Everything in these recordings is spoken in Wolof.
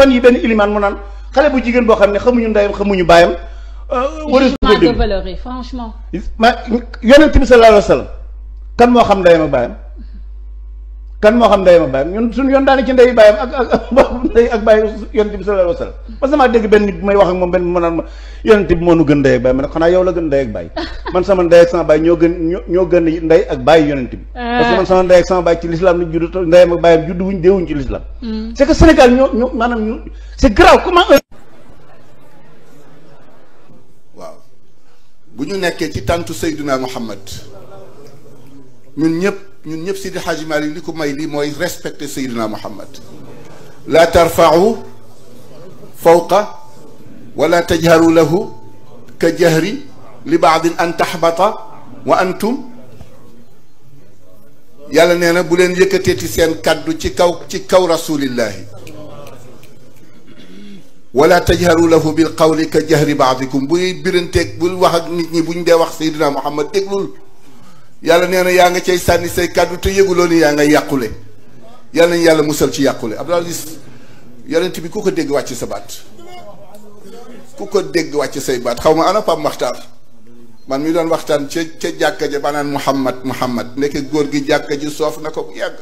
fan yi benn ilimaan mu naan xale bu jigéen boo xam ne xamuñu ndeyam xamuñu baayam. Euh, wërës bu de valeur yi franchement. ma yonent bi sallallahu alayhi wa sallam kan moo xam ndeyam ak baayam. kan moo xam ndeyam ak bàyyam ñun yoon daane ci ndey bàyyam bàyyi yonent bi sallallahu parce que maa dégg benn nit may wax ak moom benn mu naan ma yonent bi moo nu gën man sama ndey ak sama bàyyi ñoo gën ñoo gën ndey ak bàyyi yonent bi ah. parce que man sama ndey ak sama bàyyi ci l'islam lañ judd ndeyam ak bàyyam judd wuñ déewuñ ci l'islam hmm. c'est Sénégal ñoo ñoo maanaam ñu c'est grave comment waaw bu ñu nekkee ci tàntu Seydina Muhammad ñun ñëpp ñun ñëpp Seydi Hadji Malick li ko may lii mooy respecter Seydina Muhammad la tarfa'u fawqa wala tajharu lahu ka jahri li baadin an taxbata wa antum yàlla nee na bu leen yëkkateeti seen kàddu ci kaw ci kaw rasulillahi wala tajharu lahu bil qawli ka jahri baadikum buy biranteeg bul wax ak nit ñi buñ dee wax Seydina Muhammad déglul yàlla nee na yaa nga cay sànni say kàddu te yëguloo ni yaa ngay yàqule yàlla nañu yàlla musal ci yàqule Abdou Aziz yonent bi ku ko dégg wàcc sa baat ku ko dégg wàcc say baat xaw ma ana Pape Makhtar man mi doon waxtaan ca ca jàkka ja banaan Muhammad Muhammad ndeke góor gi jàkka ji soof na ko bu yàgg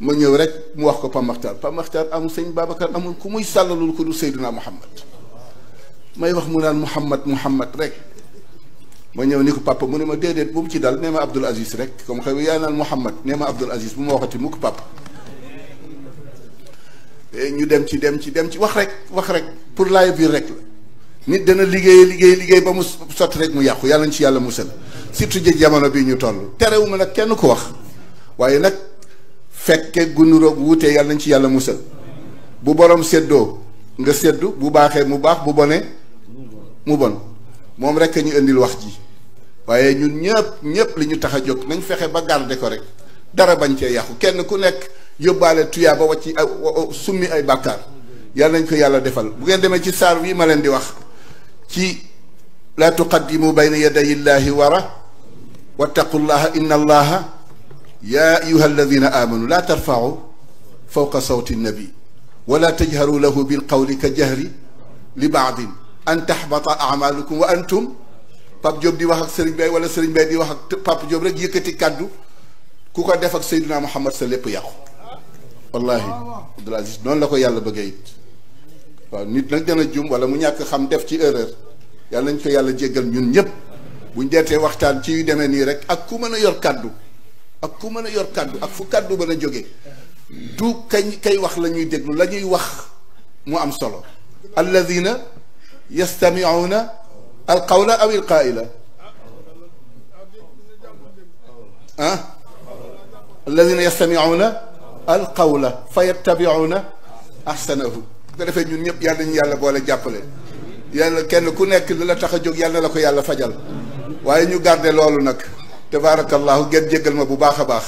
ma ñëw rek mu wax ko Pape Makhtar Pape amul sëñ Babacar amul ku muy sàllalul ko du Seydina Muhammad may wax mu naan Muhammad Muhammad rek ma ñëw ni ko papa mu ne ma déedéet bu mu ci dal nee ma Abdoul Aziz rek comme xëy yaa naan Mouhamad nee ma Abdoul Aziz bu ma waxati mukk papa eh, ñu dem ci dem ci dem ci wax rek wax rek pour laay biir rek la nit dana liggéey liggéey liggéey ba mu sotti rek mu yàqu yàlla ñu ci yàlla musal surtout jë jamono bi ñu toll terewuma nag kenn ko wax waaye nag fekke gunuroog wutee yàlla ñu ci yàlla musal bu borom seddoo nga séddu bu baaxee mu baax bu bonee mu bon moom rek ñu indil wax ji waaye ñun ñëpp ñëpp li ñu tax a jóg nañ fexe ba garder ko rek dara bañ cee yàqu kenn ku nekk yóbbaale tuyaa ba wacci summi ay bàkkaar yàlla nañ ko yàlla defal bu ngeen demee ci saar wi ma leen di wax ci laa tuqaddimu bayna yaday llahi wara wattaqu llaha inna allaha ya ayuha alladina amanu laa tarfacu fawqa sawti nnabi wala tajharu lahu bilqawli ka jahri li baadin an taxbata a wa antum Pape Diop di wax ak Serigne Baye wala Serigne Baye di wax ak Pape Diop rek yëkkati kàddu ku ko def ak Seydina Muhammad sa lépp yàqu wallahi Abdoul noonu la ko yàlla bëggee it waaw nit nag dana jum wala mu ñàkk xam def ci erreur yàlla nañ ko yàlla jéggal ñun ñëpp buñ deetee waxtaan ci yu demee nii rek ak ku mën a yor kaddu ak ku mën a yor kaddu ak fu kaddu mën a jógee du kañ kay wax lañuy déglu lañuy wax mu am solo alladina yastamiuna alqawla aw ilqaaila ah alladina yastamicuuna alqawla fa yattabicuuna ahsanahu bu ko defee ñun ñëpp yal nañu yàlla boole jàppale yàlla kenn ku nekk li la tax a jóg yàlla la ko yàlla fajal waaye ñu garde loolu nag tabaarakallahu ngeen jéggal ma bu baax a baax